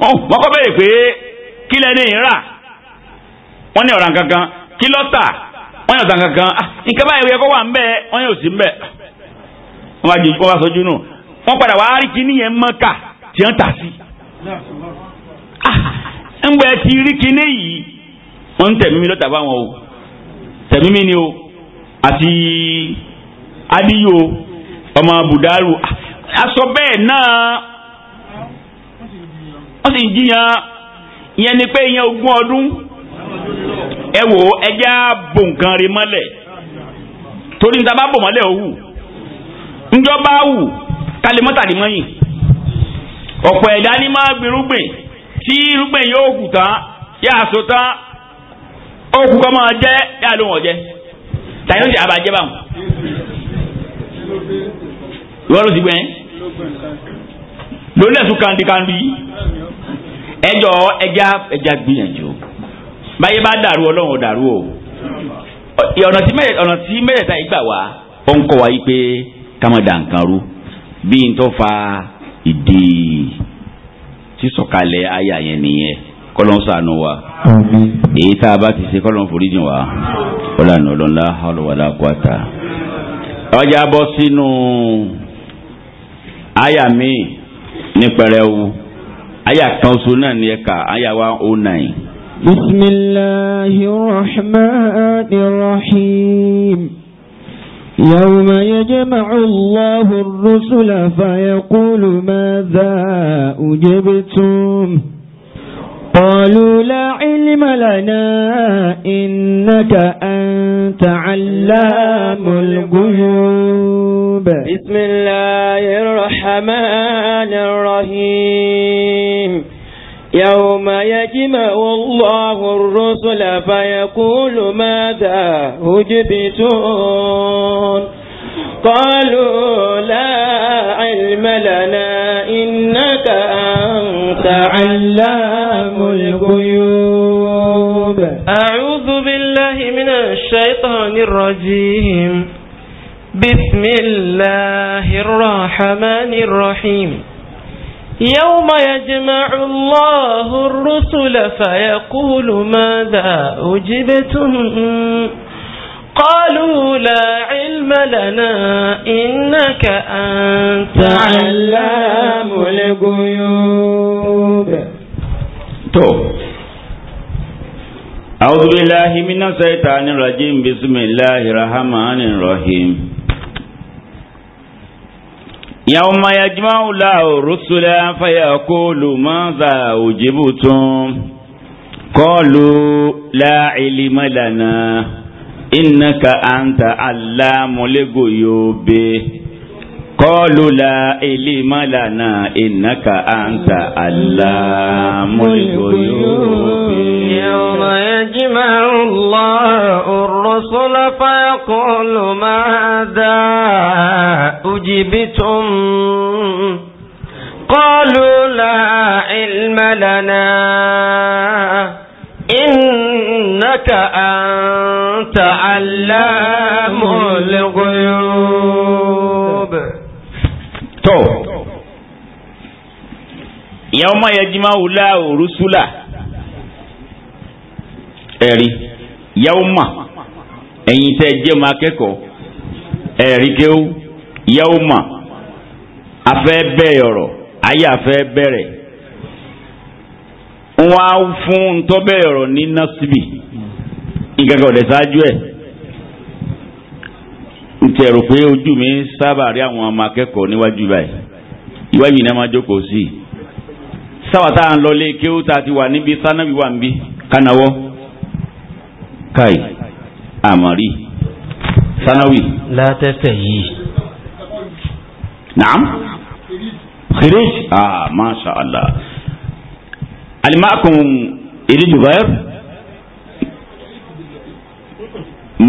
wọ́n kọ́ béèrè pé kí lẹ́ni rà wọ́n ní ọ̀ràn kankan kí ló wọ́n yàn tán kankan ah, nǹkan báyìí yẹ kó wà ń bẹ́ẹ̀ wọ́n yóò sí ń bẹ́ẹ̀ wọ́n wá jòjú wọ́n wá sojú nù wọ́n padà wá rí kíní yẹn mọ́kà tí wọ́n tà sí. Ah, ń bẹ́ẹ̀ ti rí kíní yìí wọ́n ń tẹ̀mí mi lọ́tà fáwọn o tẹ̀mí mi ni o àti adiyo ọmọ budaru aṣọ ah, bẹ́ẹ̀ náà wọ́n sì ń jiyàn ìyẹn ni pé ìyẹn ogún ọdún. ẹ wò ó ẹjẹ́ bò nǹkan rí mọ́lẹ̀ torí níta bá bò bá wù kálí mọ́tàdí mọyìn. ọ̀pọ̀ ẹ̀dá ní máa gbìrúgbìn tí irúgbìn yóò kù tán yà so tán ó kọ́ máa jẹ́ yà ló tàyẹ̀ ti gbẹ́ lórí ẹ̀sùn kandikandi ẹja ẹja gbìyànjú. báyé bá dàrú ọlọ́run ò dàrú o ọ̀nà tí mẹ́rẹ̀ẹ́ta yìí wá ó ń kọ́ wa yìí pé ká má da nǹkan bí n fa ìdí yẹn nìyẹn kọ́lọ́n sànù wa èyí tá a bá ti ṣe kọ́lọ́n foríjì wa ọlọ́run ọlọ́lá ọlọ́wàlá kwata. ọjà bọ́ sínú àyà míì ní pẹrẹwu àyà kan oṣù náà ní ẹ̀ka àyà wa ó nàìn. بسم الله الرحمن الرحيم يوم يجمع الله الرسل فيقول ماذا أجبتم قالوا لا علم لنا إنك أنت علام الغيوب بسم الله الرحمن الرحيم يوم يجمع الله الرسل فيقول ماذا أجبتون قالوا لا علم لنا إنك أنت علام الغيوب أعوذ بالله من الشيطان الرجيم بسم الله الرحمن الرحيم يوم يجمع الله الرسل فيقول ماذا أجبتم قالوا لا علم لنا إنك أنت علام الغيوب تو أعوذ بالله من الشيطان الرجيم بسم الله الرحمن الرحيم يوم يجمع الله الرسل فيقول ماذا أجبتم قالوا لا علم لنا إنك أنت علام الغيوب kọlu la ilé malana ìnáka anta alámúlòyòbí. yawma yajma'u Allahu ar-rusula fayaqulu madha ujibtum. قالوا لا علم لنا إنك أنت علام الغيوب tọ́ ìyá ọmọ yẹn jí máa wù lá òrùsúlà ẹ̀rí ìyá ọmọ ẹ̀yin tẹ́ jẹ́ ọmọ akẹ́kọ̀ọ́ ẹ̀rí kéwú ìyá ọmọ afẹ́ ayé afẹ́ bẹ̀rẹ̀ á fún ọ̀rọ̀ ní násìbì nǹkan kan ntẹ̀rù pé ojú mi sábà rí àwọn ọmọ akẹ́kọ̀ọ́ níwájú báyìí iwájú ni a máa jókòó sí i sábà tá à ń lọlé kéwú tá a ti wà níbi sánábì wà níbi kánáwọ́ káì àmọ́rí sánáwì. látẹ́tẹ̀ yìí. naam kirish ah masha allah alimakun ili jubair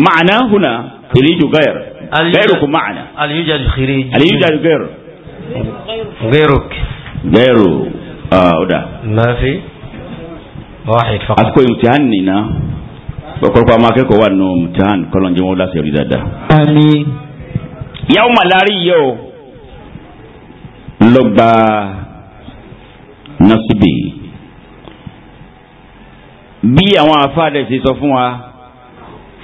maana huna ili jubair. غيرك معنا هل يوجد خريج هل يوجد غير غيرك غير اه ده ما في واحد فقط أذكر امتحاني نا ọ̀pọ̀lọpọ̀ àwọn akẹ́kọ̀ọ́ wà nù mùtán kọ́lọ́njẹ́ wọn láti rí dáadáa. àmín. yàwó màlárí yìí o lọ́gbà nasibi bí àwọn afáàdẹ̀ ṣe sọ fún wa.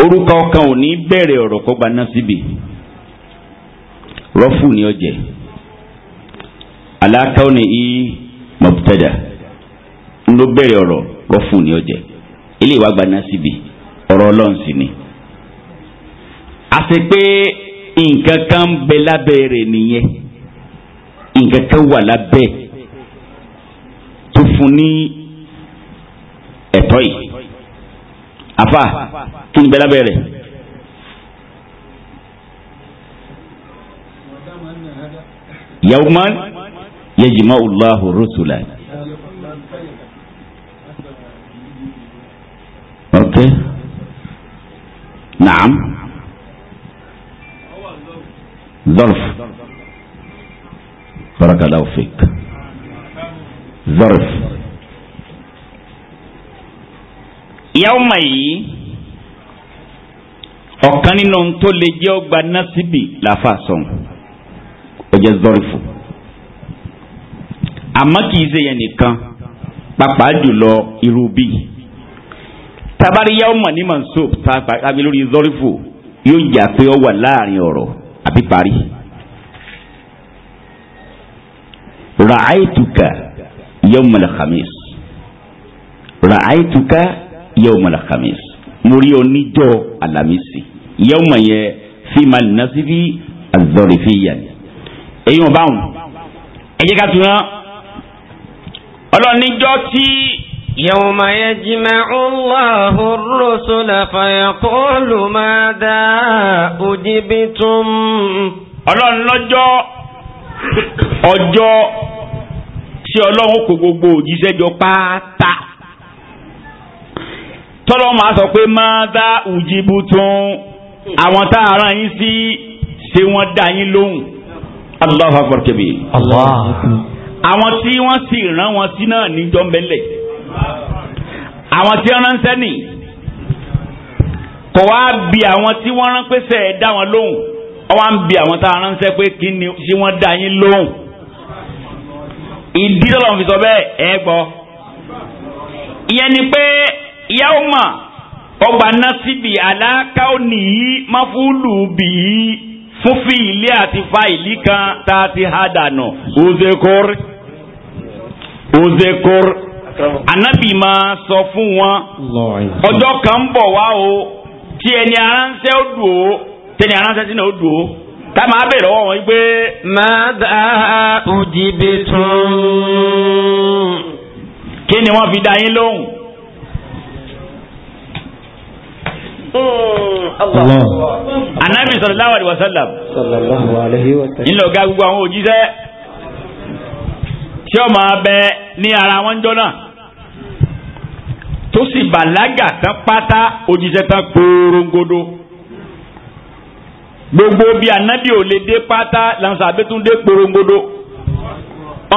orúkọ kan ò ní bẹ̀rẹ̀ ọ̀rọ̀ kó gbaná síbi rọ́fù ni ó jẹ́ aláàkáwọ́ ni í ló bẹ̀rẹ̀ ọ̀rọ̀ rọ́fù ni ó jẹ́ ilé ìwà gbaná síbi ọ̀rọ̀ ọlọ́run sì ni. àti pé nǹkan kan ń bẹ lábẹ́ rẹ̀ àfà kí n gbẹ lábẹ́ rẹ̀. yawman yajma'u Allahu rusula. ok naam zarf barakallahu fik zarf. yàwùmá yìí ọ̀kan nínú tó lè jẹ́ ọgbà násìbì làáfà sọ̀n ó jẹ́ zọ́rìfù àmọ́ kì í ṣe yẹn nìkan pàápàá jùlọ irú bí tabari yàwùmá ní mansoub tàbí lórí zọ́rìfù yóò jà pé ó wà láàrin ọ̀rọ̀ àbí parí. ra'aytuka yawmal khamis ra'aytuka yawmal khamis mo rí oníjọ́ alamisi yawma yẹ fima nasibi azọrifiyan èyí wọn báwọn ẹ jẹ́ ká tún yán ọlọ́níjọ́ tí. يوم يجمع الله الرسل فيقول ماذا أجبتم ọlọ́run lọ́jọ́ ọjọ́ tí ọlọ́run kó gbogbo òjíṣẹ́ jọ pátá tọ́lọ́ máa sọ pé máa dá òjìbù tún àwọn tá a rán yín sí ṣé wọ́n dá yín lóhùn Allahu Akbar kabir. àwọn tí wọ́n sì rán wọn sí náà níjọ́ mẹ́lẹ̀ àwọn tí wọ́n ránṣẹ́ nì kò wá bí àwọn tí wọ́n rán pèsè dá wọn lóhùn wọ́n wá ń bi àwọn tá a ránṣẹ́ pé kí ni ṣé wọ́n dá yín lóhùn ìdí tọ́lọ́ fi sọ bẹ́ẹ̀ ẹ gbọ́ ìyẹn ni pé ìyá ọmọ ọgbà násìbì aláàkáwò nìyí máfúlù bìí fúnfí ilé àti fáìlì kan tá a ti há dànù ozekor ozekor anabi máa sọ fún wọn ọjọ́ kan ń bọ̀ wá o tí ẹni aránṣẹ́ ó dùn ó tẹni aránṣẹ́ sínú ó dùn ó ká máa bèrè lọ́wọ́ wọn pé. mada ujibe tún. kí ni wọ́n fi dá yín lóhùn. Hmm, anabi sallallahu alayhi wa sallam ńlọ ga gbogbo àwọn òjíṣẹ́ tí ó máa bẹ ní ara wọn jọ náà tó sì bàlágà tán pátá òjíṣẹ́ tán kórongodo gbogbo bí anabi ò lè dé pátá làǹsà abétúndé kórongodo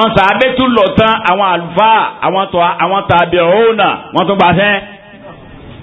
ọ̀nsà abétúndé lọ tán àwọn àlùfáà àwọn tàbí ọ̀hún náà wọ́n tún gbà